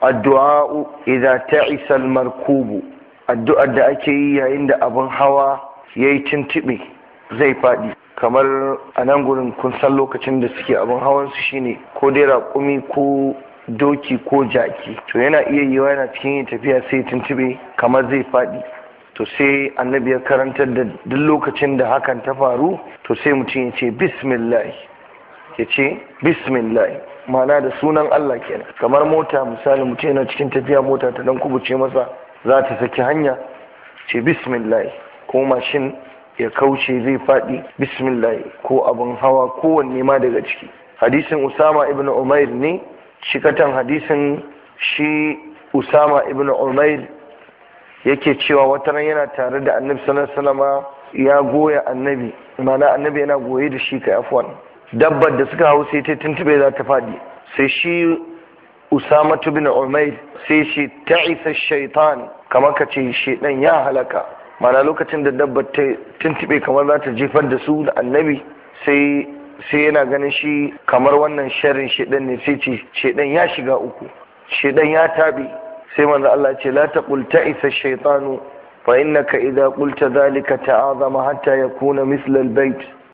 addu'a idza ta al-markubu addu'ar da ake yi yayin da abin hawa yayi tintibe zai fadi kamar a nan gurin kun san lokacin da suke abin hawan su shine ko dai raƙumi ko doki ko jaki to yana iya yiwa yana cikin tafiya sai tintibe kamar zai fadi to sai annabi ya karantar da duk lokacin da hakan ta faru to sai mutum ya ce bismillah ya ce bismillah mana da sunan Allah kenan kamar mota misali mutum yana cikin tafiya mota ta dan kubuce masa za ta saki hanya ce bismillah ko mashin ya kauce zai faɗi bismillah ko abin hawa kowanne ma daga ciki hadisin usama ibn umair ne shikatan hadisin shi usama ibn umair yake cewa wata ran yana tare da annabi sallallahu alaihi ya goya annabi mana annabi yana goye da shi ka afwan dabbar da suka hau sai ta tuntube za ta faɗi sai shi usama bin umair sai shi ta isa shaitan kamar ka ce shaidan ya halaka mana lokacin da dabbar ta tuntube kamar za ta jefar da su da annabi sai sai yana ganin shi kamar wannan sharin shaidan ne sai ce shaidan ya shiga uku shaidan ya tabi sai manzo Allah ce la taqul ta isa shaitanu fa innaka idza qulta ta azama, hatta ya mithla mislal bait.